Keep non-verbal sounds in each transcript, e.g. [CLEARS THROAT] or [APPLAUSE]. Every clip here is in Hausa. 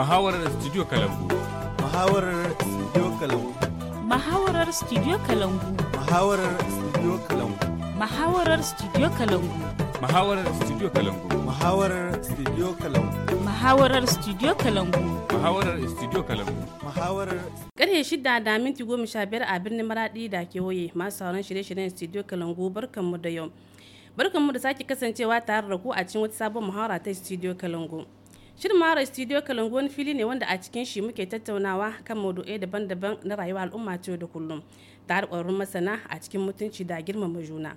Mahawarar Studio Kalangu. Mahawarar Studio Kalangu. Mahawarar Studio Kalangu. Mahawarar Studio Kalangu. Mahawarar Studio Kalangu. Mahawarar Studio Kalangu. Mahawarar Studio Kalangu. Mahawarar Studio Kalangu. Mahawarar Studio Kalangu. Mahawarar Karfe shida da minti goma sha biyar a birnin Maradi da waye masu sauran shirye-shiryen Studio Kalangu barkanmu da yau. Barkanmu da sake kasancewa tare da ku a cikin wata sabon muhawara ta Studio Kalangu. Shirin Mara Studio Kalangu wani fili ne wanda a cikin shi muke tattaunawa kan maudu'ai daban-daban na rayuwa al'umma ta da kullum ta harkarun masana a cikin mutunci da girmama juna.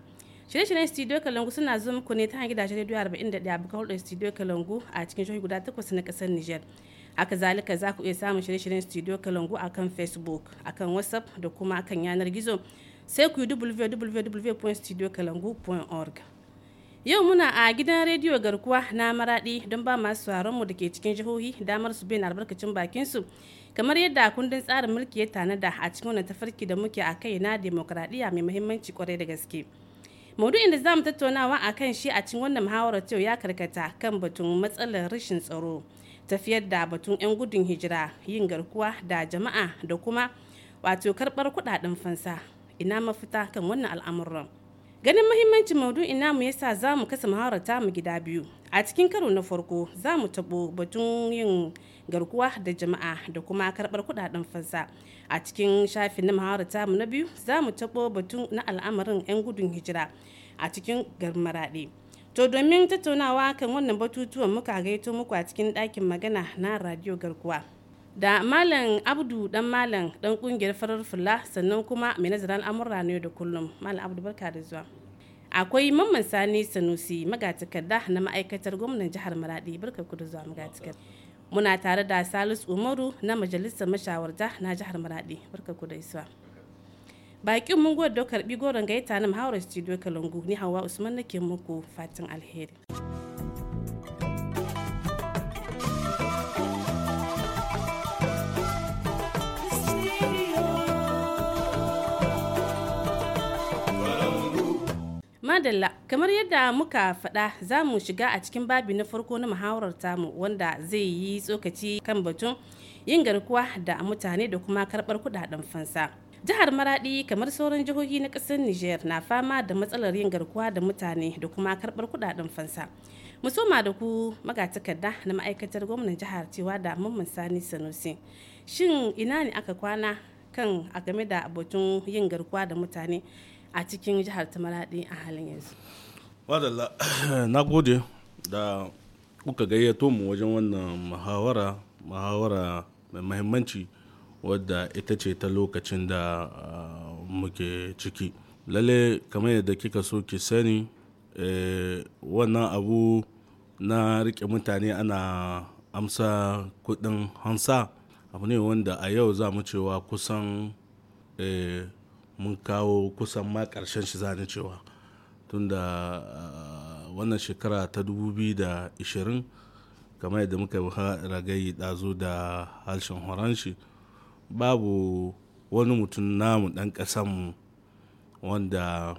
Shirye-shiryen Studio Kalangu suna zuwa muku ne ta hanyar gidajen Radio 41 a hulɗar Studio Kalangu a cikin shirin guda takwas na ƙasar Nijar. Haka zalika za ku iya samun shirye-shiryen Studio Kalangu a kan Facebook, a kan WhatsApp da kuma a kan yanar gizo. Sai ku yi www.studiokalangu.org. Yau muna a gidan rediyo garkuwa na maradi don ba masu mu da ke cikin jihohi damar su bin albarkacin bakin su kamar yadda kundin tsarin mulki ya tanada a cikin wani tafarki da muke a kai na demokradiyya mai muhimmanci kwarai da gaske. Maudu'in da zamu tattaunawa a kan shi a cikin wannan muhawarar yau ya karkata kan batun matsalar rashin tsaro, tafiyar da batun 'yan gudun hijira, yin garkuwa da jama'a da kuma wato karɓar kudaden fansa. Ina mafita kan wannan al'amuran. Ganin mahimmancin ina mu yasa za mu kasa maharata mu gida biyu. A cikin karo na farko za mu taɓo batun yin garkuwa da jama'a da kuma karɓar kuɗaɗen fansa. A cikin shafin na maharata mu na biyu za mu taɓo batun na al'amarin 'yan gudun hijira a cikin garmaraɗe. To domin tattaunawa kan wannan batutuwan muka gaito muku a cikin ɗakin magana na Radio Garkuwa. da malam abdu dan malam dan kungiyar farar fula sannan kuma mai nazarin al'amura ne da kullum malam abdu barka da zuwa akwai mamman sani sanusi magatakarda na ma'aikatar gwamnan jihar maradi barka ku da zuwa magatakar muna tare da salisu umaru na majalisar mashawarta na jihar maradi barka ku da isuwa bakin mun gode karbi goron gaita na muhawarar studio kalangu ni hawa usman nake muku fatan alheri Madalla, kamar yadda muka faɗa za mu shiga a cikin babi na farko na muhawarar tamu wanda zai yi tsokaci kan batun yin garkuwa da mutane da kuma karɓar kudaden fansa. Jihar Maradi kamar sauran jihohi na ƙasar Nijar na fama da matsalar yin garkuwa da mutane da kuma karɓar kudaden fansa. Musoma da ku magatakarda na ma'aikatar gwamnan jihar cewa da Mamman Sani Sanusi. Shin ina ne aka kwana kan a game da batun yin garkuwa da mutane a cikin jihar ta maradi a halin yanzu wadalla [CLEARS THROAT] na gode da kuka gayyato mu wajen wannan muhawara muhawara mai mahimmanci wadda ita ce ta lokacin da ah, muke ciki lalle kamar yadda kika so ki sani eh, wannan abu na rike mutane ana amsa kudin hansa abu ne wanda a yau za mu cewa kusan eh, mun kawo kusan ma ƙarshen shi zane cewa tunda ah, wannan shekara ta 2020 kamar yadda muka yi ragayi ɗazu da harshen horanshi babu wani mutum namu ɗan ƙasanmu wanda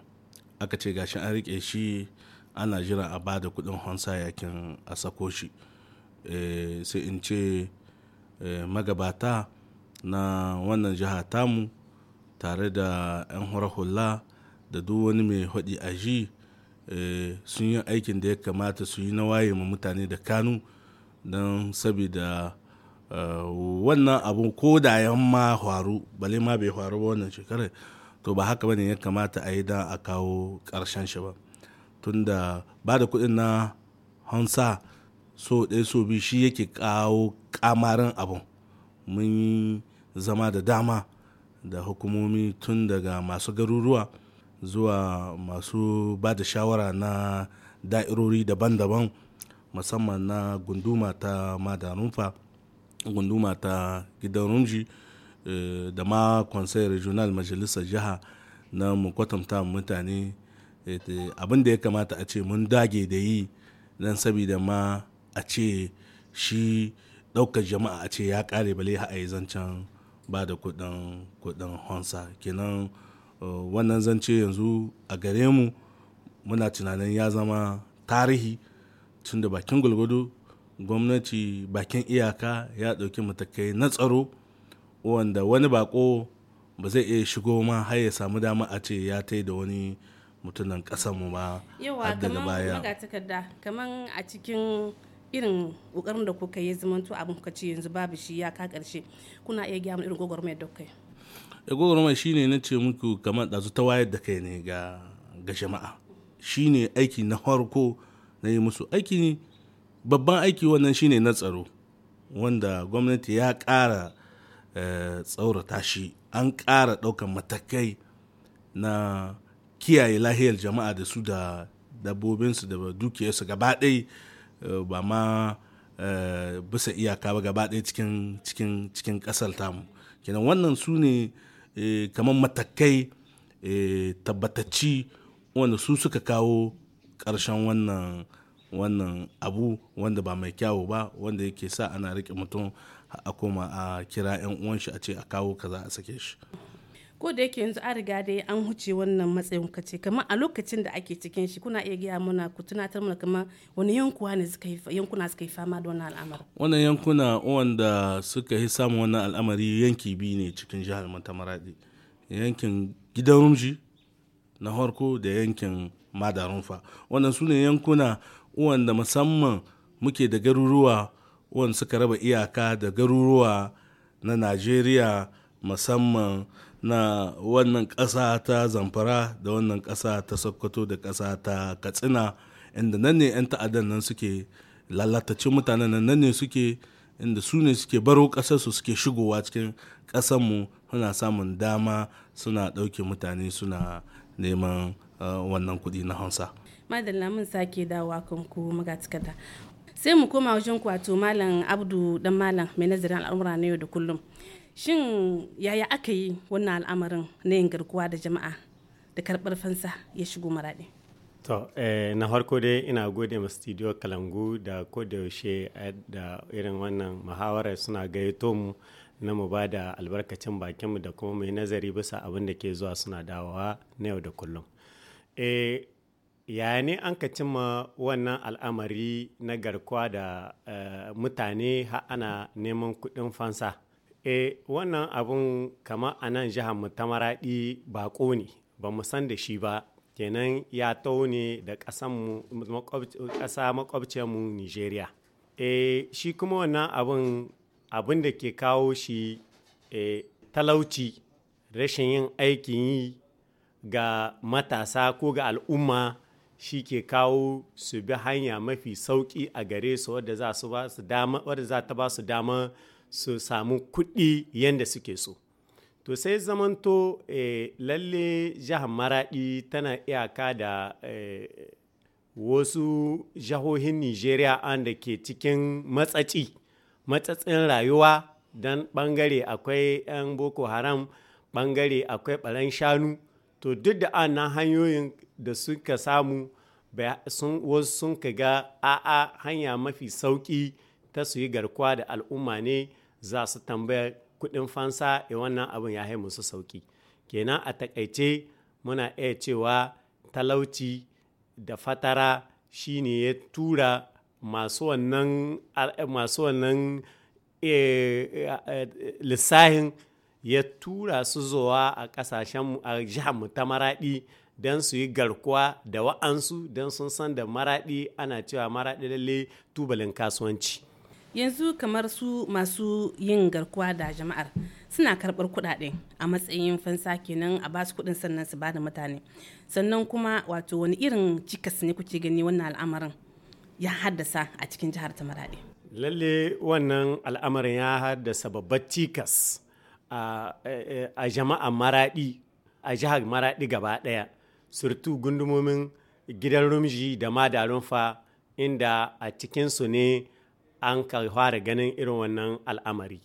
aka ce gashi an riƙe shi ana jira a bada kuɗin honsa yakin a sako shi eh, sai in ce eh, magabata na wannan jiha tamu tare da 'yan hula da duk wani mai haɗi a ji eh, sun yi aikin da ya kamata su yi na waye ma mutane da kanu don sabida eh, wannan abu ko da yamma faru bale ma bai faru ba wannan shekarar to ba haka bane ya kamata a yi da a kawo ƙarshen shi ba tunda ba da kuɗin na hansa so ɗaya so biyu shi yake kawo kamarin abu mun zama da dama da hukumomi tun daga masu garuruwa zuwa masu ba da shawara na da'irori daban-daban musamman na gunduma ta madarunfa gunduma ta gidan rumji eh, da ma conseil regional majalisar jiha na mukwatanta mutane eh, abin da ya kamata a ce mun dage da yi don sabida ma a ce shi ɗaukar jama'a a ce ya ƙare bale ha'ayi a yi zancen ba da kuɗin kuɗin honsa kenan eh, wannan zance yanzu a gare mu muna tunanin ya zama tarihi tun da bakin gulgudu gwamnati bakin iyaka ya ɗauki matakai na tsaro wanda wani bako ba zai iya shigo ma har ya samu dama a ce ya tai da wani mutunan ƙasar mu ba har daga baya kamar a cikin irin kokarin da kuka yi to abin kuka ce yanzu babu shi ya ka karshe kuna iya gaya irin gwagwarmayar da kai eh, gwagwarmayar shine na ce muku kamar ɗazu ta wayar da kai ne ga ga jama'a shine aiki na farko na yi musu aiki babban aiki wannan shine na tsaro wanda gwamnati ya ƙara eh, tsaurata shi an ƙara ɗaukan matakai na kiyaye lahiyar jama'a da su da dabbobinsu da dukiyarsu gaba ɗaya Eh, ba ma eh, bisa iyaka ba gaba ɗaya cikin kasar tamu kenan wannan su ne eh, kamar matakai tabbatacci wanda su suka kawo karshen wannan wannan abu wanda ba mai kyawu ba wanda yake sa ana riƙe mutum a koma a kira 'yan uwan shi a ce a kawo kaza a sake shi ko da yake yanzu an riga dai an huce wannan matsayin ka ce kamar a lokacin da ake cikin shi kuna iya gaya mana ku tunatar mana kamar wani yankuna ne suka yi yankuna suka yi fama da wannan al'amari wannan yankuna wanda suka yi samun wannan al'amari yanki biyu ne cikin jihar Matamaradi yankin gidan rumshi na harko da yankin madarunfa wannan su ne yankuna wanda musamman muke da garuruwa wanda suka raba iyaka da garuruwa na najeriya musamman na wannan ƙasa ta zamfara da wannan ƙasa ta sokoto da ƙasa ta katsina inda nan ne 'yan ta'addan nan suke lalatacin mutanen nan nan ne suke inda su ne suke baro su suke shigowa cikin ƙasarmu suna samun dama suna ɗauke mutane suna neman eh, wannan kuɗi na hansa. madalla mun sake dawowa kan ku magatakata sai mu koma wajen ku wato malam abdu dan malam mai nazarin al'amura na yau da kullum shin yaya aka yi wannan al'amarin na yin garkuwa da jama'a da karɓar fansa ya shigo maraɗi to eh, na farko dai ina gode ma studio kalangu da kodayaushe eh, da irin wannan muhawarar suna gaito mu na mu ba da albarkacin bakinmu da kuma mai nazari bisa abin da ke zuwa suna dawowa na yau da kullum Yaya eh, ne an ka cimma wannan al'amari na garkuwa da mutane har ana neman kuɗin fansa Eh wannan abun kama a nan jihar mu ta maraɗi baƙo ne ba mu san da shi ba kenan ya taune da ƙasa mu nigeria e, eh, shi kuma wannan abin abin da ke kawo shi e, talauci rashin yin aikin yi ga matasa ko ga al'umma shi ke kawo su bi hanya mafi sauƙi a gare su wadda za ta ba su dama su samu kuɗi yadda suke so to sai zamanto eh, lalle jihar maraɗi tana iyaka da eh, wasu jihohin nigeria da ke cikin matsaci matsatsin rayuwa don ɓangare akwai 'yan boko haram ɓangare akwai ɓaran shanu to duk da an hanyoyin da suka samu wasu sun ka ga a'a hanya mafi sauƙi ta su yi garkuwa da al'umma ne za su tambaya kuɗin fansa e wannan abin ya haimu su sauki kenan a takaice muna iya cewa talauci da fatara shine ya tura masu wannan masu wannan eh, lissahin ya tura su zuwa a kasashen a ta maraɗi don su yi garkuwa da wa'ansu don sun san da maraɗi ana cewa maraɗi lalle tubalin kasuwanci. yanzu kamar su masu yin garkuwa da jama'ar suna karɓar kuɗaɗe a matsayin fansa kenan a basu kuɗin sannan su bada mutane sannan kuma wato wani irin cikas ne kuke gani wannan al'amarin ya haddasa a cikin jihar ta maraɗe lalle wannan al'amarin ya haddasa babbar cikas a jama'a maraɗi a jihar maraɗi gaba ɗaya surtu gundumomin gidan rumji da ma da fa inda a cikinsu ne an ka fara ganin irin wannan al'amari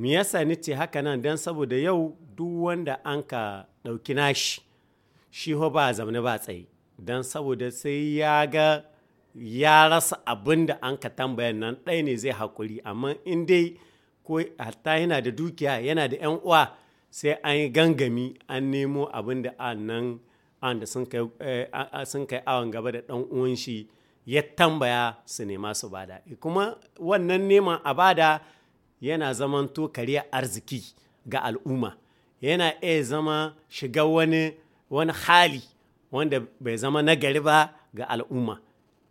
me yasa ni ce haka nan don saboda yau duk wanda an ka ɗauki nashi shi ho ba zamani ba tsaye don saboda sai ya ga ya rasa abin da an ka tambayan nan ɗaya ne zai haƙuri amma in dai ko hatta yana da dukiya yana da 'yan uwa sai an yi gangami an nemo abin da nan an da eh, sun kai awon gaba da ɗan uwan shi ya tambaya su nema su bada kuma wannan neman a bada yana zaman tokari kariya arziki ga al'umma yana iya zama shiga wani wani hali wanda bai zama nagari ba ga al'umma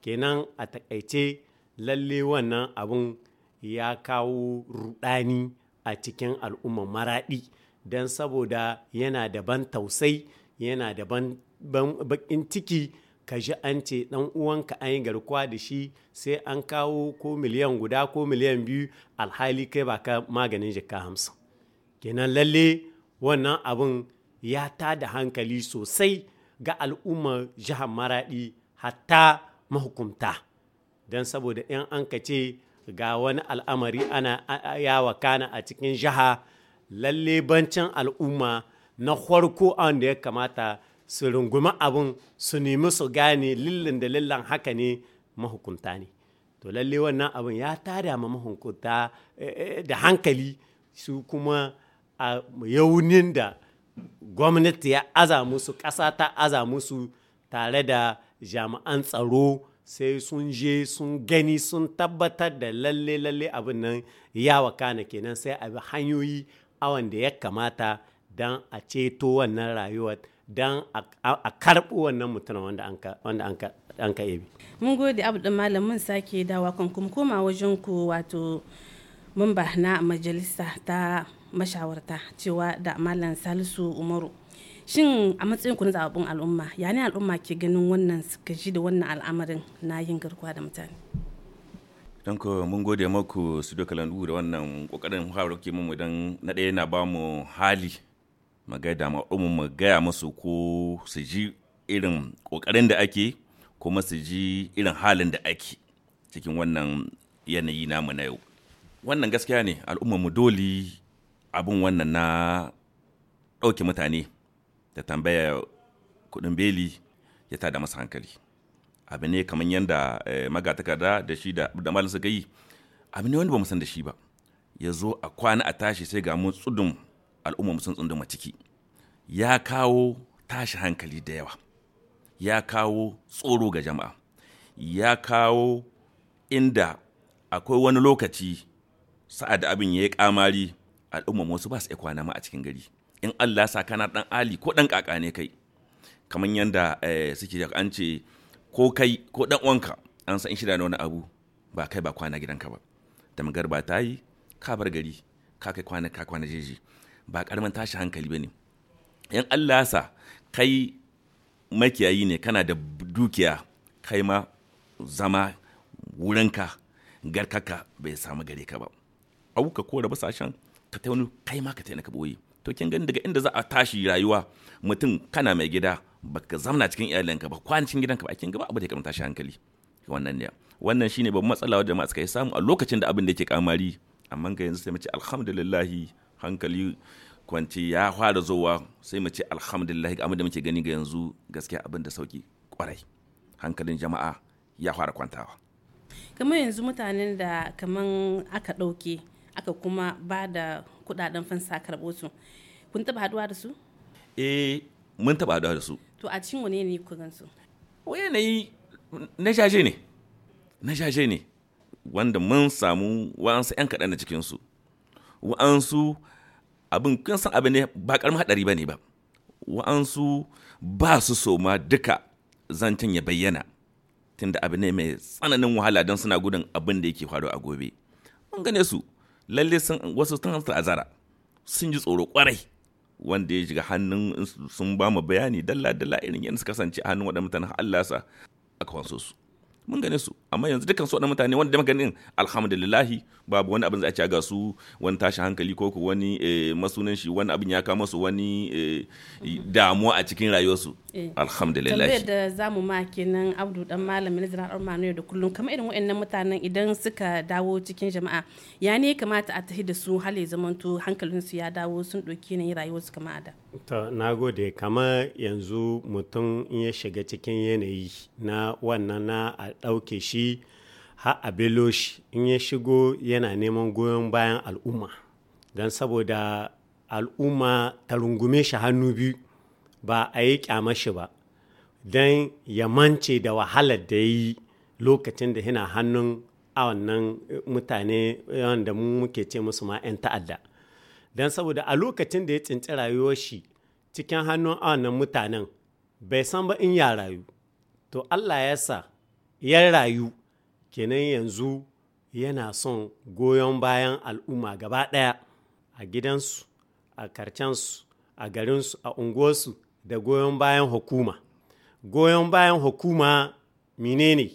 kenan a takaice lalle wannan abun ya kawo rudani a cikin al'umma maraɗi don saboda yana daban ban tausai yana da ban bakin ciki ka ji an ce dan uwanka an yi garkuwa da shi sai an kawo ko miliyan guda ko miliyan biyu alhali kai ba ka maganin jika hamsin kenan lalle wannan abin ya ta da hankali sosai ga al'ummar jihar maraɗi hatta mahukumta don saboda in an ka ce ga wani al'amari ana yawa kana a cikin jiha lalle bancin al'umma na farko an da ya kamata su rungumi abin su nemi su gane lillin da lillan haka ne mahukunta ne to lalle wannan abin ya tada ma mahukunta eh, eh, da hankali su kuma a yaunin da gwamnati ya aza musu ƙasa ta aza musu tare da jami'an tsaro sai sun je sun gani sun tabbatar da lalle lalle abin nan ya wakana kenan sai a bi hanyoyi awan da ya kamata don a ceto wannan rayuwar don a karɓo wannan mutum wanda an ka ebi. mun gode abu malam mun sake dawa kan kuma koma wajen ku wato mamba na majalisa ta mashawarta cewa da malam salisu umaru shin a matsayin ku na zababbin al'umma ya ne al'umma ke ganin wannan suka ji da wannan al'amarin na yin garkuwa da mutane don ku mun gode maku su doka da wannan kokarin hawa kuke mu don na ɗaya na ba mu hali magaida ma'umin mu gaya musu ko su ji irin ƙoƙarin da ake kuma su ji irin halin da ake cikin wannan yanayi namu na yau wannan gaskiya ne mu dole abin wannan na ɗauke mutane da tambaya kuɗin beli ya tada masa hankali abu ne kamar yadda eh, magatakarda da shi da malin suka yi abu ne wanda ba san da shi ba ya zo a kwana a tashi sai ga mu tsudun al'ummar sun tsunduma ciki ya kawo tashi hankali da yawa ya kawo tsoro ga jama'a ya kawo inda akwai wani lokaci sa'ad abin ya yi kamari al'ummar wasu ba su kwana ma a cikin gari in allah sa kana dan ali ko dan kaka ne kai kamar yadda eh, suke an ce ko kai ko dan uwanka an san shida da wani abu ba kai ba kwana gidanka ba da magarba ta yi ka bar gari ka kai kwana ka kwana jeji ba karamin tashi hankali ba ne yan allah sa kai makiyayi ne kana da dukiya kai ma zama wurinka garkaka bai samu gare ka ba auka ko da basashen ka taimaka wani kai ma ka ta ka boye to kin gani daga inda za a tashi rayuwa mutum kana mai gida Ba ka zamna cikin iyalinka ba kwanacin gidanka ba kin gaba abu da ya tashi hankali wannan ne wannan shine babban matsala da ma suka yi samu a lokacin da abin da yake kamari amma ga yanzu sai mace alhamdulillahi hankali kwanci ya fara zowa sai mu ce alhamdulillah ga da muke gani ga yanzu gaskiya abin da sauki kwarai hankalin jama'a ya fara kwantawa kamar yanzu mutanen da kaman aka ɗauke aka kuma ba da kudaden fansa karɓo su kun taɓa haɗuwa da su eh mun taɓa haɗuwa da su to a cikin wani ne ku gan su yanayi na shaje ne na shaje ne wanda mun samu wa'ansu 'yan kaɗan da cikinsu wa'ansu abin kun san abin ne ba karamin haɗari ba ne ba wa'ansu ba su so ma duka zancen ya bayyana tunda abu ne mai tsananin wahala don suna gudun abin da yake faru a gobe mun gane su lalle sun wasu sun hansu azara sun ji tsoro kwarai wanda ya shiga hannun sun ba mu bayani dalla dalla irin yadda suka kasance a hannun waɗanda mutanen Allah sa aka wanso su mun gane su amma yanzu dukkan su waɗannan mutane wanda da maganin alhamdulillahi babu wani abin za a ci ga su wani tashin hankali ko wani eh, masunan shi wani abin ya kama su wani eh, damuwa a cikin rayuwarsu Eh, alhamdulillah tambayar da zamu ma kenan abdu dan malam ministan al'umma ne da kullum kamar irin wayannan mutanen idan suka dawo cikin jama'a ya ne kamata a tahi da su hale zamanto hankalin su ya dawo sun ɗauki ne rayuwar su kamar ada to nagode kama yanzu mutum in ya shiga cikin yanayi na wannan na a ɗauke shi har a belo shi in ya shigo yana neman goyon bayan al'umma don saboda al'umma ta rungume shi hannu biyu ba a yi kyamashi ba don ya mance da wahalar da ya yi lokacin da yana hannun a wannan eh, mutane eh, wanda mu muke ce musu ma 'yan ta'adda don saboda a lokacin da ya tsinci rayuwar shi cikin hannun a wannan mutanen bai san ba in ya rayu to allah ya sa ya rayu kenan yanzu yana son goyon bayan al'umma gaba ɗaya a gidansu a karcensu a garinsu a unguwarsu da goyon bayan hukuma goyon bayan hukuma menene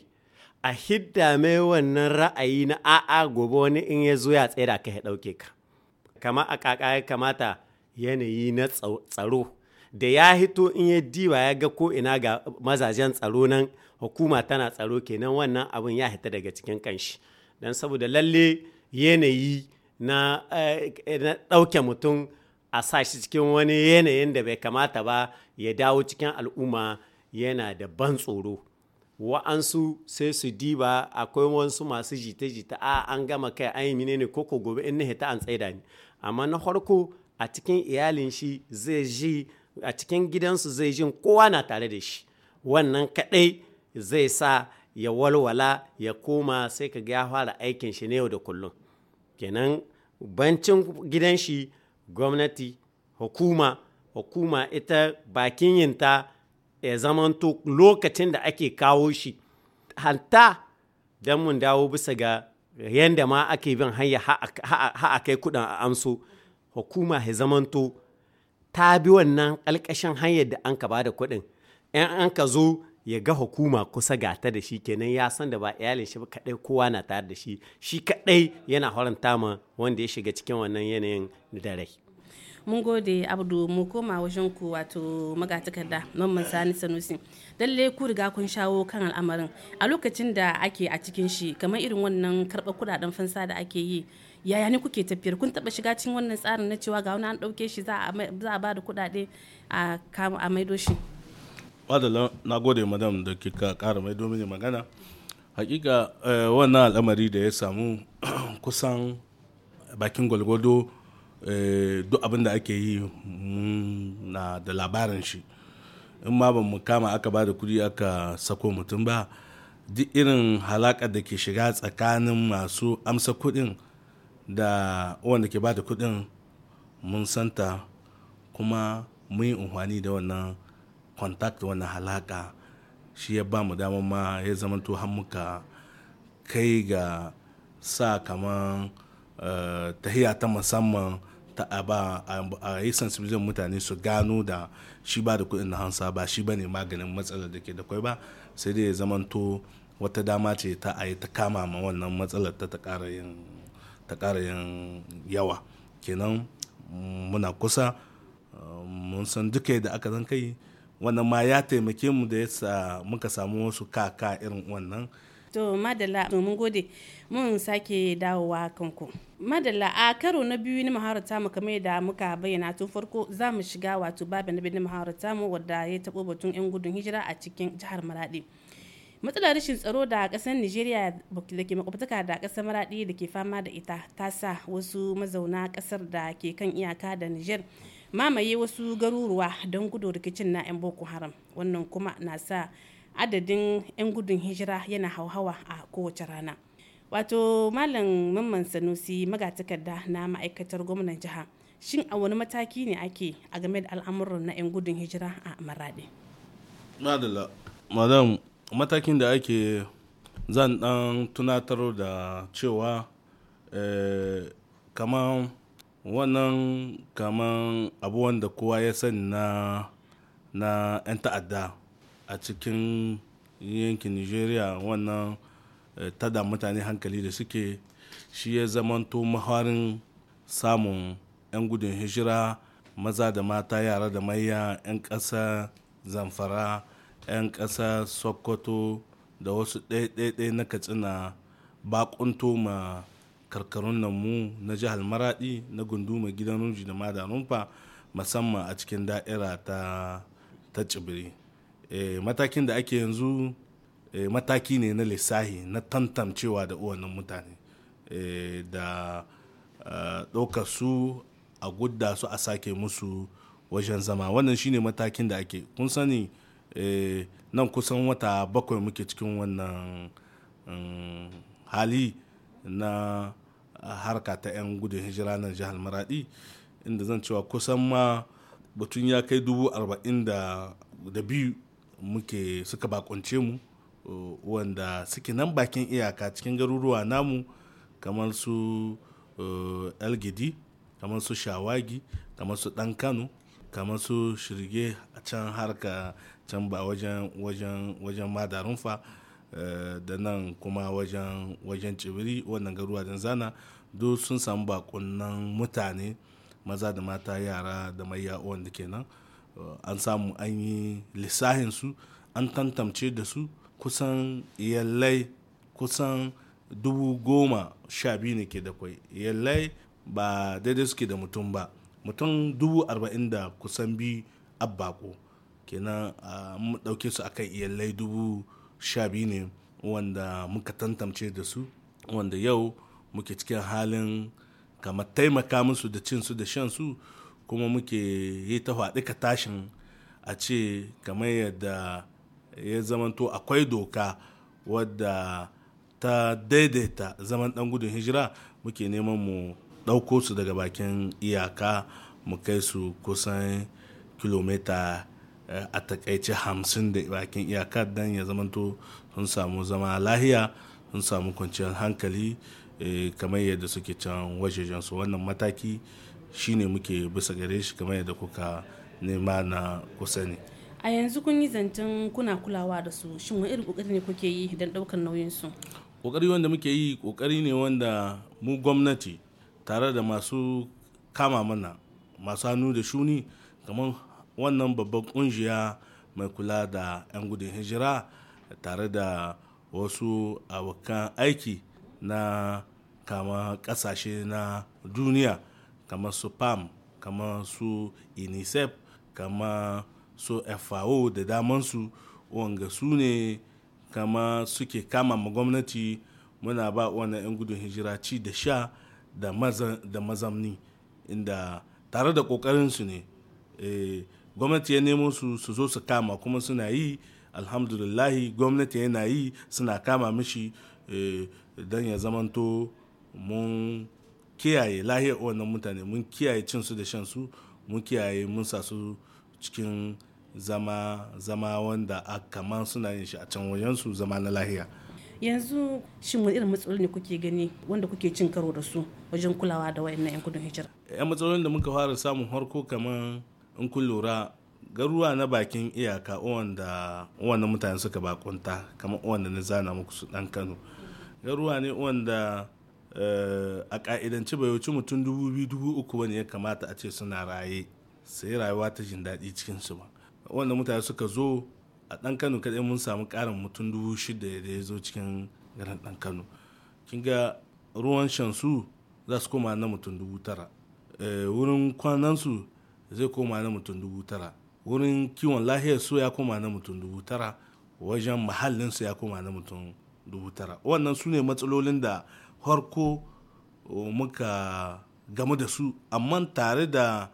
a hidda mai wannan ra'ayi na a'a gobe wani in ya zo ya tsaya ka a ɗauke ka kama a kaka ya kamata yanayi na tsaro da ya hito in ya diwa ya ga ko ina ga mazajen tsaro nan hukuma tana tsaro kenan wannan abin ya hita daga cikin kanshi don saboda lalle yanayi na eh, ɗauke mutum a sa shi cikin wani yanayin da bai kamata ba ya dawo cikin al'umma yana da ban tsoro wa'ansu sai su diba akwai wasu masu jita-jita a an gama kai an yi ne koko gobe in na hita an tsaida ni amma na farko a cikin iyalin shi zai ji a cikin gidansu zai jin kowa na tare da shi wannan kaɗai zai sa ya walwala ya koma sai ka ga ya fara aikin shi ne yau da kullum kenan bancin gidan shi gwamnati hukuma hukuma ita bakin yinta ya zamanto lokacin da ake kawo shi hanta don mun dawo bisa ga yadda ma ake bin hanya ha a kai kudin a amso hukuma ya zamanto ta bi wannan alkashin hanyar da an ka ba da kudin yan an ka zo ya ga hukuma kusa gata da shi kenan ya san da ba iyalin shi kadai kowa na tare da shi shi kadai yana haranta ma wanda ya shiga cikin wannan yanayin da rai mun gode abdu mu koma wajen ku wato magatakarda mamman sani sanusi dalle ku riga kun shawo kan al'amarin a lokacin da ake a cikin shi kamar irin wannan karɓar kudaden fansa da ake yi yaya ne kuke tafiyar kun taba shiga cikin wannan tsarin na cewa ga wani an ɗauke shi za a ba da kudade a maido shi Wadala na gode madam da kika kara mai domin magana. Hakika eh, wannan al'amari da ya samu [CLEARS THROAT] kusan bakin gwalgwado eh, duk abin da ake yi na da labarin shi. In ma ban mu kama aka ba da kudi aka sako mutum ba, duk irin halakar da ke shiga tsakanin masu amsa kudin da wanda ke ba da kudin mun santa kuma mun yi unhwani da wannan contact wannan halaka shi ya ba mu dama ma ya zamanto har muka kai ga sa kaman eh, tahiya ta musamman ta aba a yi sensibilizin mutane su gano da shi ba da kuɗin na hansa ba shi ba ne maganin matsalar da ke da kwai ba sai dai ya zamanto wata dama ce ta a ta kama ma wannan matsalar ta ƙara yin yawa kenan mm, muna kusa eh, mun san duka da aka zan kai wannan ma ya taimake mu da yasa muka samu wasu kaka irin wannan to madalla mun gode mun sake dawowa kanku madalla a karo na biyu na maharata mu kamar da muka bayyana tun farko za mu shiga wato babu na biyu na maharata mu wadda ya taɓo batun 'yan gudun hijira a cikin jihar maradi matsalar rashin tsaro da ƙasar nigeria da ke makwabtaka da kasar maradi da ke fama da ita ta sa wasu mazauna kasar da ke kan iyaka da niger mamaye wasu garuruwa don gudu rikicin na 'yan boko haram wannan kuma na sa adadin 'yan gudun hijira yana hauhawa a kowace rana wato malam mamman sanusi magatakarda na ma'aikatar gwamnan jiha shin a wani mataki ne ake a game da al'amuran na 'yan gudun hijira a maraɗe madam matakin da ake zan dan tunatar da cewa eh, kamar wannan kaman abu wanda kowa ya sani na na 'yan ta'adda a cikin yankin nigeria wannan eh, tada mutane hankali da suke shi ya zamanto maharin samun 'yan gudun hijira maza da mata yara da maya 'yan ƙasa zamfara 'yan ƙasa sokoto da wasu ɗaiɗaiɗai na katsina bakunto ma karkarun nan mu na jihar maradi na gunduma gidan ruji da madanunfa musamman a cikin da'ira ta tsibiri eh, matakin da ake yanzu eh, mataki ne na lissahi na tantancewa da uwanin mutane eh, da ɗaukar su a gudda su a sake musu wajen zama wannan shine matakin da ake kun sani nan kusan wata bakwai muke cikin wannan mm, hali na harka ta 'yan gudun hijira nan jihar maradi inda zan cewa kusan ma batun ya kai dubu arba'in da biyu muke suka bakunce mu wanda suke nan bakin iyaka cikin garuruwa namu kamar su elgidi kamar su shawagi kamar su dan kano kamar su shirge a can harka can ba wajen wajen wajen madarunfa Eh, da nan kuma wajen wajen tsibiri wannan garuwa don zana duk sun samu bakunan mutane maza da mata yara da da wanda kenan eh, an samu an yi lissahin su an tantamce da su kusan yallai kusan dubu goma sha biyu ne ke da kwai yallai ba daidai suke da mutum ba mutum dubu arba'in da kusan biyu abbako kenan ah, mu ɗauke su akan iyalai dubu sha biyu ne wanda muka tantance da su wanda yau muke cikin halin kamar taimaka musu da cin su da shan su kuma muke yi ta ka tashin a ce kamar yadda ya zamanto akwai doka wadda ta daidaita zaman dan gudun hijira muke neman mu ɗauko su daga bakin iyaka mu kai su kusan kilomita Eh, a takaice hamsin da bakin iyaka don ya zamanto sun samu zama lahiya sun samu kwanciyar hankali eh, kamar yadda suke can su wannan mataki shine muke bisa gare shi kamar yadda kuka nema na kusa ne a yanzu kun yi zancen kuna kulawa da su shin wani irin kokari ne kuke yi don daukar nauyinsu kokari wanda muke yi kokari ne wanda mu gwamnati tare da masu kama mana masu hannu da shuni kamar wannan babban kungiya mai kula da 'yan gudun hijira tare da wasu abokan aiki na kama kasashe na duniya kamar su pam kamar su unicef kamar su fao da damansu wanga su ne kama suke kama ma gwamnati muna ba wannan 'yan gudun hijira ci da sha da mazamni inda tare da su ne eh, gwamnati ya nemo su su zo su kama kuma suna yi alhamdulillahi gwamnati yana yi suna kama mishi eh, don ya zamanto mun kiyaye lahiyar wannan mutane mun kiyaye cinsu da shansu mun kiyaye mun sa su cikin zama zama wanda a kaman suna yin shi a can wajensu zama na lahiya yanzu shin wani irin matsaloli ne kuke gani wanda kuke cin karo da su wajen kulawa da wayannan 'yan kudin hijira 'yan matsalolin da muka fara samun harko kamar in kun lura garuruwa na bakin iyaka wanda wanda mutane suka bakunta kamar wanda na zana muku su dan kano garuruwa ne wanda eh, a ka'idanci bai wuce mutum dubu biyu dubu uku wani ya kamata a ce suna raye sai rayuwa ta jin daɗi cikin su ba wanda mutane suka zo a dan kano kaɗai mun samu ƙarin mutum dubu shida da ya zo cikin garin dan kano kin ga ruwan shansu za su koma na mutum dubu tara eh, wurin kwanansu zai koma na mutum dubu tara wurin kiwon lahiyar su ya koma na mutum dubu tara wajen mahallin su ya koma na mutum dubu tara wannan su ne matsalolin da harko muka gamu da su amma tare da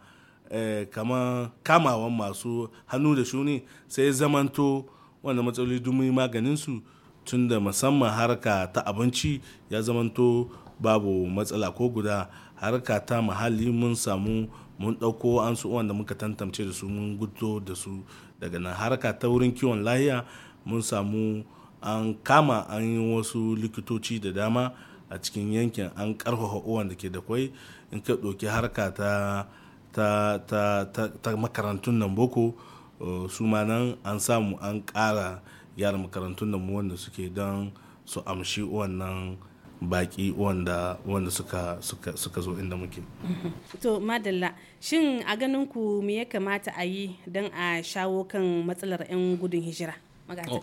e, kamar kamawan masu hannu da shuni sai zamanto wanda matsaloli dumi maganin su tun da musamman harka ta abinci ya zamanto babu matsala ko guda harka ta muhalli mun samu mun ɗauko an su wanda muka tantance da su mun gudo da su daga nan harka ta wurin kiwon lahiya mun samu an kama an yi wasu likitoci da dama a cikin yankin an ƙarfafa uwan da ke da kwai in ka ɗauki harka ta ta, ta, ta, ta makarantun nan boko uh, su ma nan an samu an ƙara yara makarantun nan wanda suke don su amshi wannan baƙi wanda, wanda suka, suka zo inda muke. Mm-hmm. to madalla shin a ganin ku me ya kamata a yi don a shawo kan matsalar 'yan gudun hijira oh.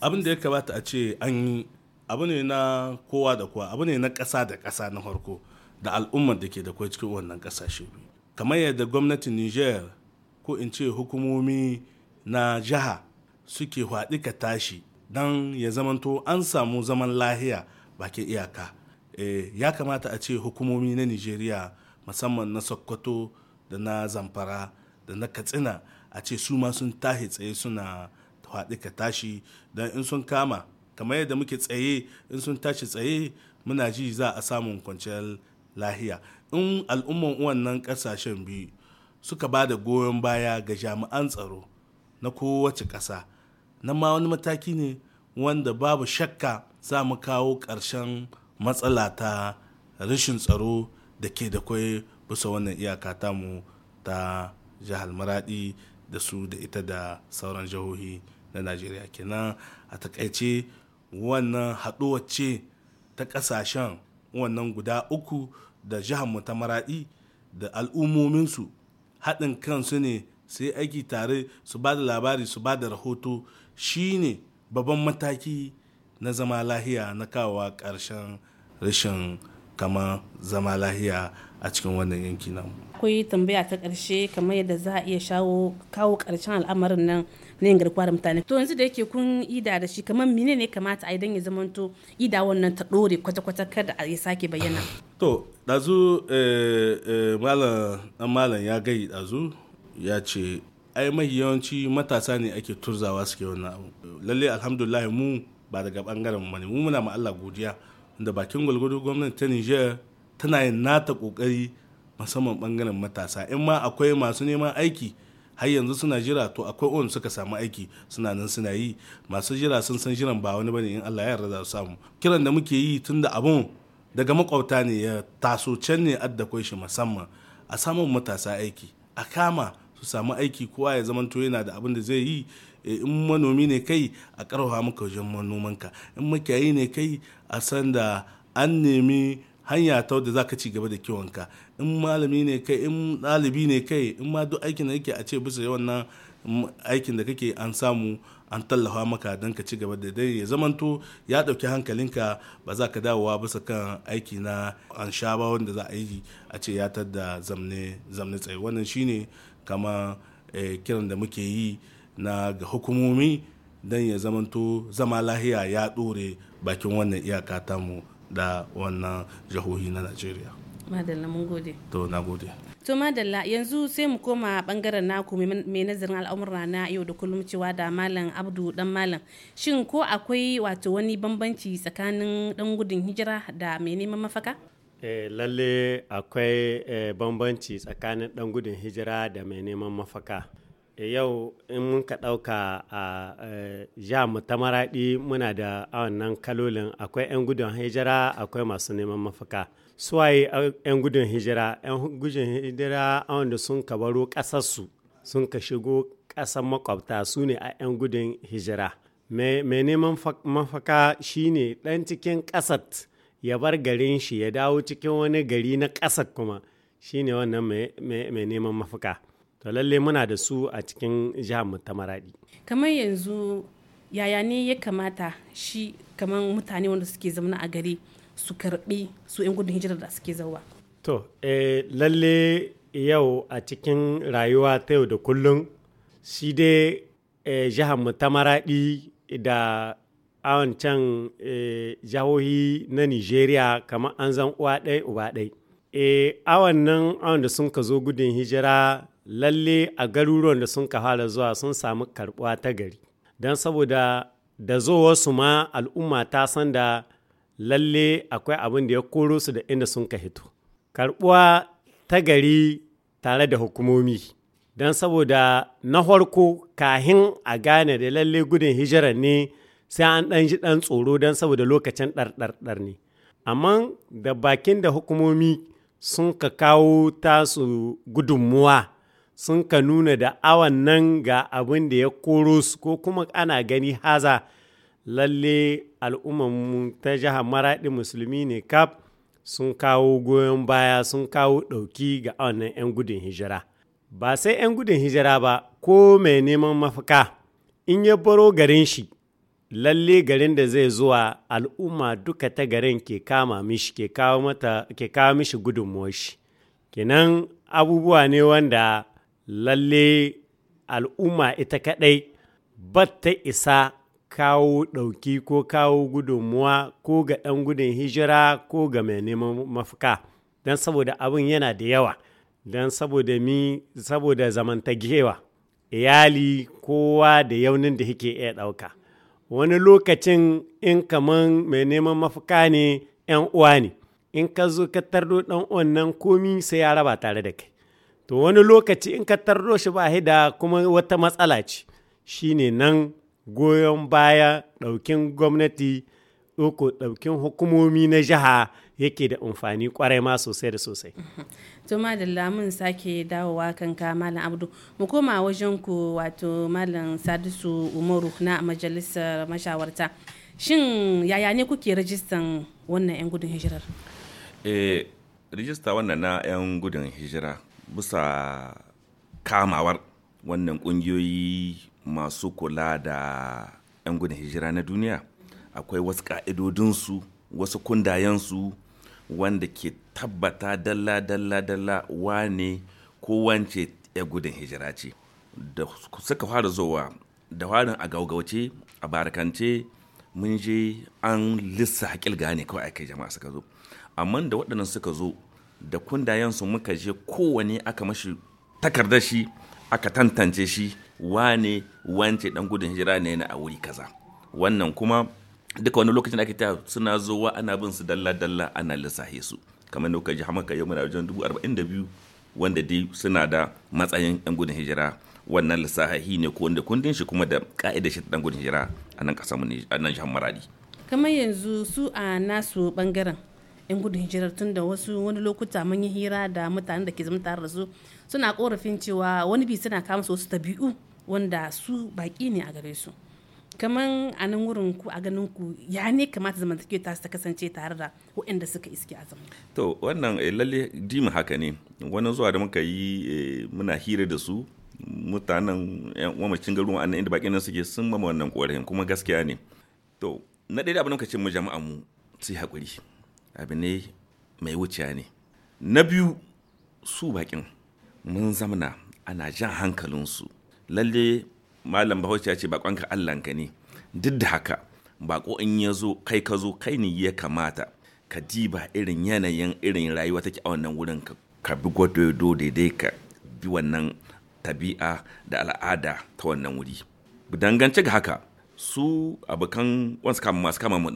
abin da ya kamata a ce an yi abu ne na kowa da kowa abu ne na ƙasa da ƙasa na harko da al'ummar da ke da kwai cikin wannan ƙasashe kamar yadda gwamnatin niger ko in ce hukumomi na jiha suke haɗi ka tashi don ya zamanto an samu zaman lahiya bakin iyaka eh, ya kamata a ce hukumomi na nigeria musamman na sokoto da na zamfara da na katsina a ce su ma sun tahi tsaye suna haɗe ka tashi don in sun kama kamar yadda muke tsaye in sun tashi tsaye muna ji za a samun kwanciyar lahiya in al'umman wannan ƙasashen biyu suka ba da goyon baya ga jami'an tsaro na kowace ƙasa na ma wani mataki ne wanda babu shakka za mu kawo ƙarshen matsala ta rashin tsaro da ke da kwai bisa wannan iyaka mu ta jihar maradi da su da ita da sauran jihohi na najeriya kenan a takaice wannan haɗuwar ta ƙasashen wannan guda uku da jihar ta maradi da al'ummominsu haɗin kansu ne sai aiki tare su ba da labari su ba da rahoto shine babban mataki na zama lahiya na kawo ƙarshen rashin kama zama lahiya a cikin wannan yanki namu. akwai tambaya ta karshe kamar yadda za a iya shawo kawo karshen al'amarin nan na yin garkuwa da mutane to yanzu da yake kun ida da shi kamar mine ne kamata a idan ya zamanto ida wannan ta dore kwata-kwata kada a ya sake bayyana to ɗazu eh, eh, malam ya gai dazu ya ce ai mai yawanci matasa ne ake turzawa suke wannan abu lalle alhamdulillah mu ba daga bangaren mu ne mu muna ma Allah godiya da bakin gwalgwado gwamnati ta niger tana yin nata kokari musamman bangaren matasa in ma akwai masu neman aiki har yanzu suna jira to akwai on suka samu aiki suna nan suna yi masu jira sun san jiran ba wani bane in Allah ya yarda su samu kiran da muke yi tunda abun daga makwabta ne ya taso can ne adda kai shi musamman a samun matasa aiki a kama su samu aiki kowa ya zamanto yana da abin da zai yi Eh, in manomi ne kai a karfa maka wajen manomanka in makiyayi ne kai a san da an nemi hanya ta wadda za ka ci gaba da kiwonka in malami ne kai in ɗalibi ne kai in ma duk aikin da kake a ce bisa yawan nan mm, aikin da kake an samu an tallafa maka don ka ci gaba da dai ya zamanto ya ɗauki hankalinka ba za ka dawowa bisa kan aiki na an sha ba wanda za a yi a ce ya tadda zamne zamne tsaye wannan shine kama eh, kiran da muke yi na ga hukumomi don ya zamanto zama lahiya ya ɗore bakin wannan iyaka tamu da wannan jihohi na najeriya madalla mun gode to na gode to madalla yanzu sai mu koma bangaren naku mai nazarin al'amura na yau da kullum cewa da malam abdu dan malam shin ko akwai wato wani bambanci tsakanin dan gudun hijira da mai neman mafaka eh, lalle akwai eh, bambanci tsakanin dan gudun hijira da mai neman mafaka Eh, yau in mun ka ɗauka a eh, jamu ta maraɗi muna da wannan kalolin akwai 'yan gudun hijira akwai masu neman mafaka suwaye 'yan eh, gudun hijira 'yan gudun hijira wanda sun ka ƙasarsu sun ka shigo ƙasar makwabta su ne a 'yan gudun hijira mai neman mafaka shine ɗan cikin ƙasar ya bar garin shi ya dawo cikin wani gari na ƙasar kuma shine wannan mai neman mafaka to lalle muna da su a cikin jihar ta maradi kamar yanzu yaya ne ya kamata shi kamar mutane wanda suke zama a gari su karbi su 'yan gudun hijira da suke zauwa to eh, lalle yau a cikin rayuwa ta yau da kullum shi dai eh, jihar ta maradi da awon can eh, jihohi na nigeria kamar an zan uwa ɗai uba ɗai e eh, awon nan awon da sun ka zo gudun hijira lalle a garuruwan da sun fara zuwa sun samu karɓuwa ta gari don saboda da zuwarsu ma al'umma ta san da lalle akwai abin da ya koro su da inda sun ka hito karbuwa ta gari tare da hukumomi don saboda na farko kahin a gane da lalle gudun hijirar ne sai an ɗan ji ɗan tsoro don saboda lokacin ɗarɗarɗar ne amma da bakin da hukumomi sun ka kawo tasu gudunmuwa sun ka nuna da awan nan ga abin da ya koro su ko kuma ana gani haza lalle al'ummanmu ta jihar maraɗi musulmi ne kaf sun kawo goyon baya sun kawo ɗauki ga nan 'yan gudun hijira ba sai 'yan gudun hijira ba ko mai neman mafaka in ya baro garin shi lalle garin da zai zuwa al'umma duka ta garin ke kama mishi ke kawo mishi gudunmuwar shi kenan abubuwa ne wanda lalle al'umma ita kaɗai ba ta isa kawo ɗauki ko kawo gudunmuwa ko ga ɗan gudun hijira ko ga mai neman mafaka don saboda abin yana da yawa don saboda mi saboda zamantakewa iyali kowa da yaunin da yake iya ɗauka wani lokacin in kaman mai neman mafuka ne 'yan uwa ne in ka zo ka tardo ɗan uwan nan komi sai ya raba tare da kai to wani lokaci in ka tarro shi ba da kuma wata matsala ce shine nan goyon baya ɗaukin gwamnati ɗauko ɗaukin hukumomi na jiha yake da amfani kwarai ma sosai da sosai. [LAUGHS] to madalla mun sake dawowa kanka malam abdu mu koma wajen ku wato malam sadisu umaru na majalisar mashawarta shin yaya ne kuke rajistan wannan 'yan gudun hijirar? eh rajista wannan na 'yan gudun hijira bisa kamawar wannan kungiyoyi masu kula da 'yan gudun hijira na duniya akwai wasu ka'idodinsu wasu kundayensu wanda ke tabbata dalla dalla dalla wane ko wance ya gudun hijira ce da suka fara zowa da fara a gaugauce a barakance mun je an lissa haƙil gane kawai aka jama'a suka zo amma da waɗannan suka zo da kundayensu muka je kowane aka mashi takardar shi aka tantance shi wane wance dan gudun hijira ne na a wuri kaza wannan kuma duka wani lokacin da ake ta suna zowa ana bin su dalla dalla ana lissahe su kamar da kuka ji hamaka yau muna wajen dubu arba'in da biyu wanda dai suna da matsayin dan gudun hijira wannan lissahi ne ko wanda kundin shi kuma da ka'idar shi dan gudun hijira a nan kasar mu ne a nan jihar maradi kamar yanzu su a nasu bangaren 'yan gudun hijirar tun da wasu wani lokuta mun yi hira da mutanen da ke zama tare da su suna korafin cewa wani bi suna kama su wasu tabi'u wanda su baki ne a gare su kamar a nan wurin ku a ganin ku ya ne kamata zamantakewa ta ta kasance tare da waɗanda suka iske a zama to wannan eh, lalle dima haka ne wani zuwa da muka yi eh, muna hira da su mutanen yan uwamacin garin wa'annan inda baki nan suke sun mama wannan korafin kuma gaskiya ne to na ɗaya da abin muka ce mu jama'an mu su yi haƙuri abu ne mai wuciya ne na biyu su bakin mun zamana ana jan hankalinsu lalle malam bahaushe ya ce bakonka allahnka ne duk da haka bako in ya zo kai ka zo kai ne ya kamata ka diba irin yanayin irin rayuwa take a wannan wurin ka bi gwado daidai ka bi wannan tabi'a da al'ada ta wannan wuri dangance ga haka su abokan wasu kama masu kama mu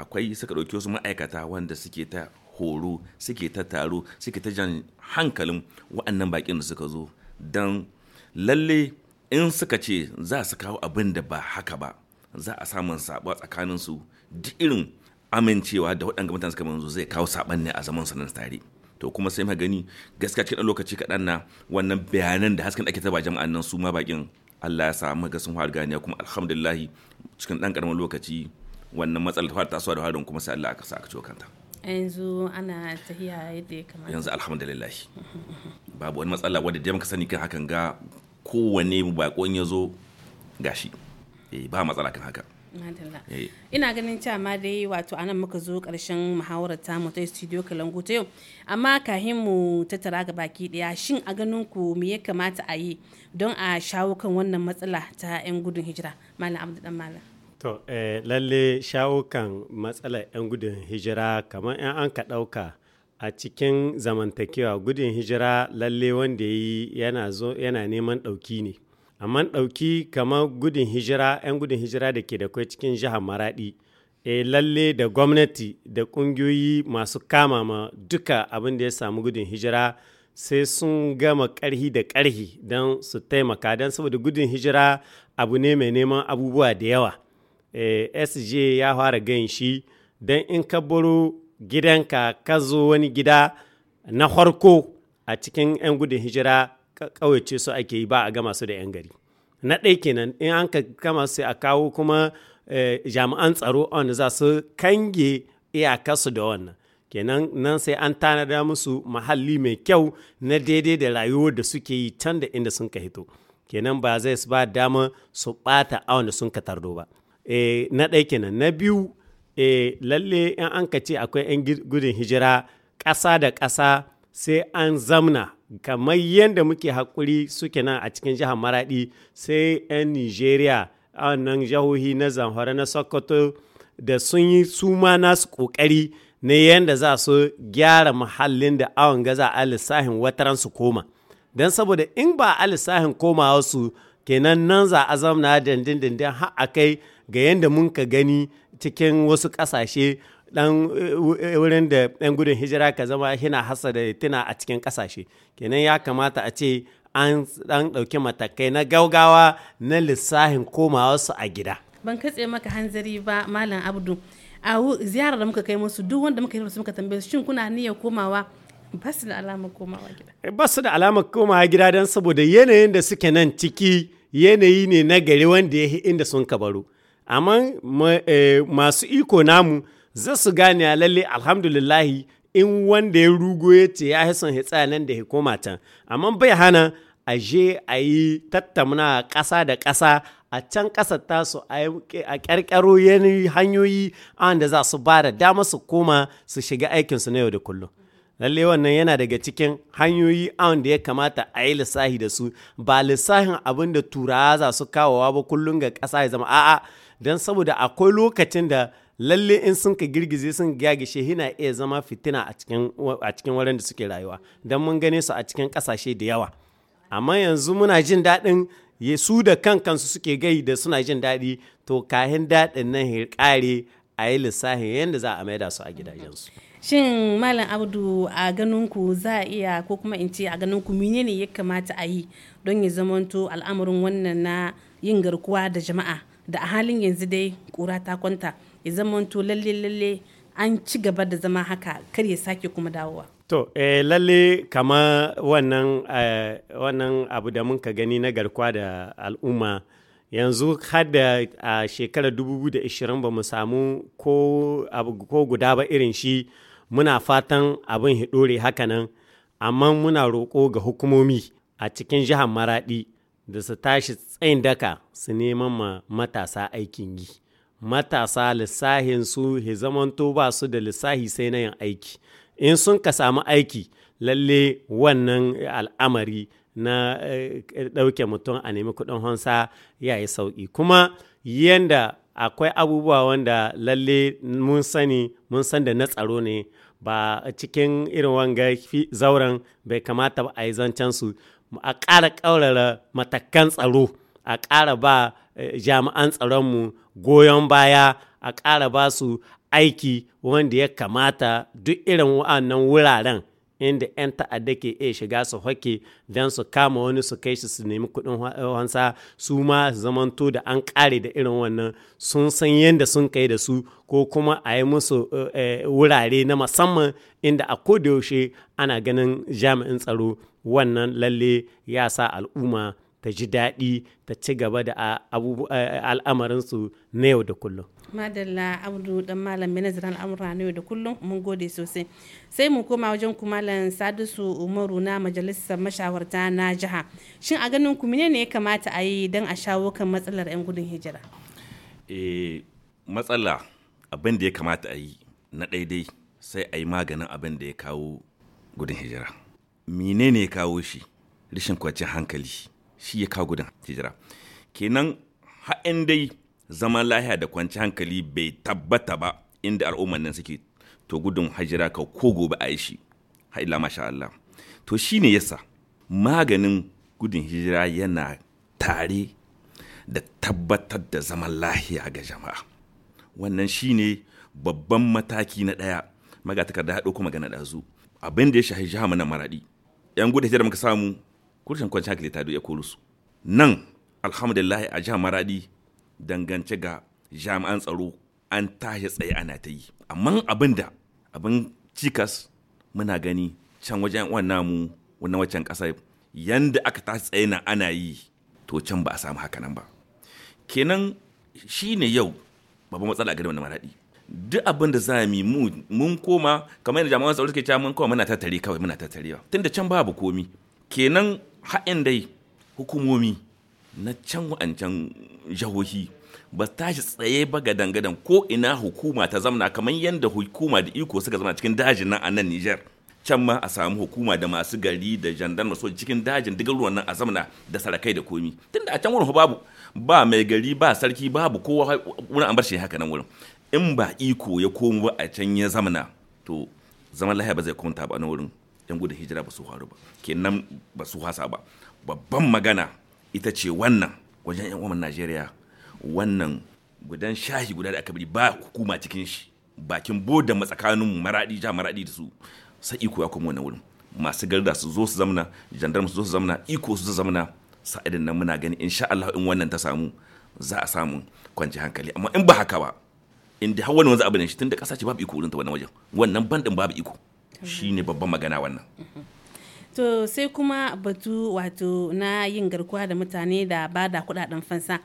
akwai suka ɗauki wasu ma'aikata wanda suke ta horo suke ta taro suke ta jan hankalin wa'annan baƙin da suka zo don lalle in suka ce za su kawo abin da ba haka ba za a samun sabo tsakaninsu duk irin amincewa da waɗanda mutane suka manzo zai kawo saɓan ne a zaman sanar tare to kuma sai magani gaskiya cikin lokaci kaɗan na wannan bayanan da hasken ake taba jama'an nan su ma baƙin. Allah ya samu ga sun fara ganiya kuma alhamdulillahi cikin ɗan ƙaramin lokaci wannan matsalar ta fara tasowa da harin kuma sai Allah aka saka ciwo kanta yanzu ana tahiya yadda ya kamata yanzu alhamdulillah babu wani matsala wadda dai muka sani kan hakan ga kowane bakon ya zo gashi eh ba matsala kan haka eh. ina ganin cewa ma dai wato anan muka zo karshen muhawarar ta ta studio kalangu ta yau amma kahin mu tattara ga baki daya shin a ganin ku me ya kamata a yi don a shawo kan wannan matsala ta 'yan gudun hijira malam abdu dan malam To, eh, lalle shawo kan matsalar 'yan gudun hijira kamar 'yan an ka ɗauka a cikin zamantakewa gudun hijira lalle wanda yi yana, neman ɗauki ne. Amma ɗauki kamar gudun hijira 'yan gudun hijira da ke da kwai cikin jihar Maraɗi. eh lalle da gwamnati da ƙungiyoyi masu kama ma duka abin da ya samu gudun hijira sai sun gama ƙarhi da ƙarhi don su taimaka don saboda gudun hijira abu ne mai neman abubuwa da yawa. Eh, sj ya fara ganshi shi don in ka baro gidanka ka zo wani gida na farko a cikin 'yan gudun hijira kawai su ake yi ba a gama su da 'yan gari na ɗaya kenan in an ka gama su a kawo kuma eh, jami'an tsaro on za su kange iyakarsu da wannan kenan nan sai an tanada musu mahalli mai kyau na daidai da rayuwar da suke yi can da inda sun ka hito kenan ba zai su ba dama su ɓata a wanda sun ka tardo ba e, na ɗaya kenan na biyu e, lalle in an ka ce akwai 'yan gudun hijira ƙasa da ƙasa sai an zamna kamar yadda muke haƙuri suke nan a cikin jihar maraɗi sai 'yan nigeria a nan jihohi na zamfara na sokoto da sun yi suma nasu ƙoƙari na yadda za su gyara muhallin da awon gaza a lissahin wataran su koma don saboda in ba a lissahin komawa su kenan nan za a zamna dindindin har a kai ga yadda mun ka gani cikin wasu ƙasashe dan eh, wurin da ɗan gudun hijira ka zama hina hasa da tuna a cikin ƙasashe kenan ya kamata a ce an dan ɗauki matakai na gaugawa na lissahin komawa su a gida ban katse maka hanzari ba malam abdu a ziyarar da muka kai musu duk wanda muka yi musu muka tambaye shin kuna niyyar komawa ba su da alamar komawa gida. Eh, ba su da alamar komawa gida don saboda yanayin da suke nan ciki yanayi ne na gari wanda ya inda sun kabaru. amma eh, masu iko namu za su gane a lalle alhamdulillahi in wanda ya rugo ya ce ya hisan hitsa nan da ya can amma bai hana a je a yi tattamuna ƙasa da ƙasa a can ta su a ƙyarƙyaro yanayi hanyoyi wanda za su ba da dama su koma su shiga aikinsu na yau da kullum lalle wannan yana daga cikin hanyoyi wanda ya kamata a yi lissahi da su ba lissahin abin da turawa za su kawowa ba kullum ga ƙasa ya zama a'a don saboda akwai lokacin da lalle in sun ka girgize sun gagishe hina iya zama fitina a cikin wurin da suke rayuwa don mun gane su a cikin kasashe da yawa amma yanzu muna jin daɗin su da kan kansu suke gai da suna jin daɗi to kahin daɗin nan hirƙare a yi lissafi yadda za a maida su a gidajensu shin malam abdu a ganinku za a iya ko kuma in ce a ganin ganinku menene ya kamata a yi don ya zamanto al'amarin wannan na yin garkuwa da jama'a da a halin yanzu dai kura ta kwanta ya zama to lalle lalle an ci gaba da zama haka kar ya sake kuma dawowa to eh, lalle kama wannan eh, abu da muka gani na garkuwa da al'umma yanzu hada a shekarar 2020 ba mu samu ko guda ba irin shi muna fatan abin hidore hakanan amma muna roƙo ga hukumomi a cikin jihar maradi da su tashi tsayin daka su neman ma matasa aikin yi matasa lissahin su he zamanto ba su da lissahi sai na yin aiki in sun ka samu aiki lalle wannan al'amari na eh, ɗauke mutum a nemi kuɗin honsa ya yi sauƙi kuma yanda akwai abubuwa wanda lalle mun sani mun san da na tsaro ne ba cikin irin wanga zauren bai kamata ba a yi zancen su a ƙara ƙaurara matakan tsaro a ƙara ba eh, jami'an tsaronmu goyon baya a ƙara ba su aiki wanda ya kamata duk irin wa'annan wuraren inda 'yan ta'adda ke iya shiga su hake don su kama wani su kai shi su nemi kuɗin eh, wansa su ma zamanto da an kare da irin wannan sun san yadda sun kai da su ko kuma a yi musu eh, wurare na musamman inda a kodayaushe ana ganin jami'in tsaro wannan lalle ya sa al'umma ta ji daɗi ta ci gaba da al'amarinsu na yau da kullum. madalla abdu dan malam minazir al'amura na yau da kullum mun gode sosai sai mu koma wajen ku malam sadisu umaru na majalisar mashawarta na jiha shin a ganin ku ne ya kamata a yi don a shawo kan matsalar 'yan gudun hijira eh, matsala abin da ya kamata a yi na daidai sai a yi maganin abin da ya kawo gudun hijira menene ya kawo shi rashin kwance hankali shi ya kawo gudun hijira kenan ha'in dai zaman lahiya da kwanci hankali bai tabbata ba inda al'ummar nan suke to gudun hijira ka ko gobe a shi ha'ila masha Allah to shi ne yasa maganin gudun hijira yana tare da tabbatar da zaman lahiya ga jama'a wannan shi ne babban mataki na ɗaya magatakarda haɗo kuma magana ɗazu abin da ya shahi jihar mana maraɗi 'yan gudu hijira muka samu kurshen kwanci hankali ta ya koro su nan alhamdulillah a jihar maradi dangance ga jami'an tsaro an tashi tsaye ana ta yi amma abin da abin cikas muna gani can wajen uwan namu wani waccan ƙasa yanda aka tashi tsaye na ana yi to can ba a samu haka nan ba kenan shi ne yau babban matsala a garin maradi duk abin da za mu mun koma kamar yadda jami'an tsaro suke cewa mun koma muna tattare kawai muna tattarewa tunda can babu komi kenan haɗin dai hukumomi na can wa'ancan jahohi ba tashi tsaye ba ga dangadan ko ina hukuma ta zamna kamar yadda hukuma da iko suka zama cikin dajin nan a nan Nijar can ma a samu hukuma da masu gari da jandarma so cikin dajin duk ruwan nan a zamna da sarakai da komi tunda a can wurin babu ba mai gari ba sarki babu kowa wurin an bar shi haka nan wurin in ba iko ya komo a can ya zamana to zaman lahiya ba zai kwanta ba na wurin yan gudun hijira ba su faru ba kenan ba su hasa ba babban magana ita ce wannan wajen yan uwan najeriya wannan gudan shahi guda da aka bari ba hukuma cikin shi bakin boda matsakanin maradi ja maradi da su sai iko ya komo na wurin masu garda su zo su zamana jandarma su zo su zamana iko su zo zamana sa'idin nan muna gani insha Allah in wannan ta samu za a samu kwanci hankali amma in ba haka ba inda har wani wanzu abu ne shi da ƙasa ce babu iko wurin ta wannan wajen wannan bandin babu iko shi ne babban magana wannan to sai kuma batu wato na yin garkuwa da mutane da ba da kudaden fansa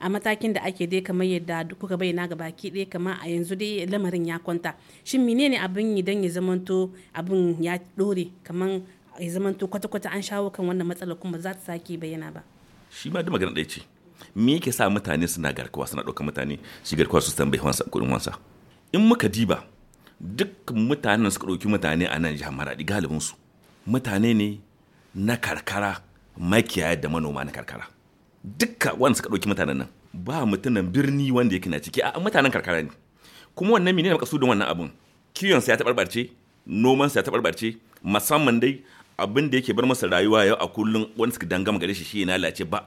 a matakin da ake dai kamar yadda kuka bayyana ga baki ɗaya kamar a yanzu dai lamarin ya kwanta shin menene abin yi don ya zamanto abin ya ɗore kamar ya zamanto kwata-kwata an shawo kan wannan matsalar kuma za ta sake bayyana ba shi ma da magana ɗaya ce me yake sa mutane suna garkuwa suna ɗauka mutane shi garkuwa su tambayi wansa kuɗin wansa in muka diba duk mutanen suka ɗauki mutane a nan jihar maradi galibinsu mutane ne na karkara makiyaya da manoma na karkara dukka wanda suka ɗauki mutanen nan ba mutumin birni wanda yake na ciki a mutanen karkara ne kuma wannan menene makasudin wannan abun kiwon sa ya taɓarɓarce noman ya taɓarɓarce musamman dai abin da yake bar masa rayuwa yau a kullum wanda suka dangama gare shi shi ya lalace ba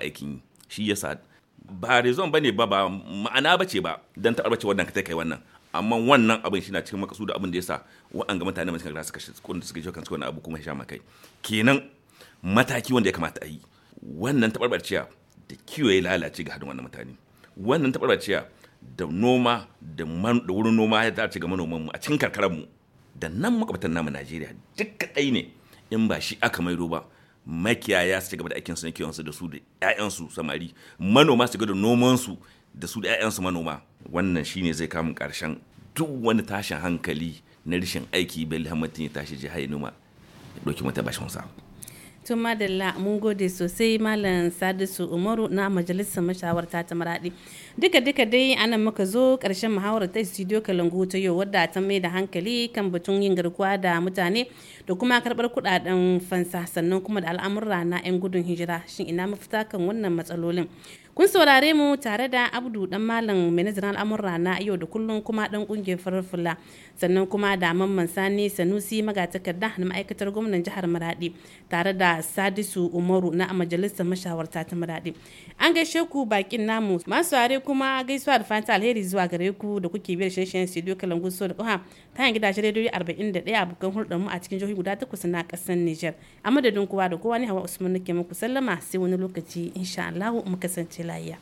aikin yi shi yasa ba rezon bane ba ba ma'ana bace ba dan ta ce wannan ka kai wannan amma wannan abin shi na cikin makasu da abin da yasa wa'anga mutane masu kaga suka kun suka shi abu kuma sha makai kenan mataki wanda ya kamata a yi wannan tabarbarciya da kiwo ya lalace ga hadin wannan mutane wannan tabarbarciya da noma da wurin noma ya dace ga manoman mu a cikin karkararmu da nan makwabtan namu Najeriya duk kadai ne in ba shi aka mai ba makiyaya su ci gaba da aikinsu na kiwonsu da su da 'ya'yansu samari manoma su da nomansu da su da 'ya'yansu manoma wannan shine zai kamun karshen duk wani tashin hankali na rashin aiki bai hamadu ya tashi jiha ya noma ya ɗauki mata bashin sa tun madalla mun gode sosai malam sadisu umaru na majalisar mashawarta ta maraɗi. duka duka dai anan muka zo karshen muhawarar ta studio kalangu ta yau wadda ta mai da hankali kan batun yin garkuwa da mutane da kuma karbar kudaden fansa sannan kuma da al'amurra na 'yan gudun hijira shin ina mafita kan wannan matsalolin Kun saurare mu tare da Abdu dan Malam Ministan al'amurra na yau da kullum kuma dan kungiyar farfula sannan kuma da Mamman Sani Sanusi magatakarda na ma'aikatar gwamnan jihar Maradi tare da Sadisu Umaru na majalisar mashawarta ta Maradi. An gaishe ku bakin namu masu are kuma gaisuwa da fata alheri zuwa gare ku da kuke biyar shirye-shiryen studio Kalangu so da kuma ta hanyar gidajen rediyo 41 abokan hulɗar mu a cikin jihohi guda takwas na ƙasar Nijar. A madadin kowa da kowa ne Hawa Usman nake muku sallama sai wani lokaci insha Allah mu kasance la IA.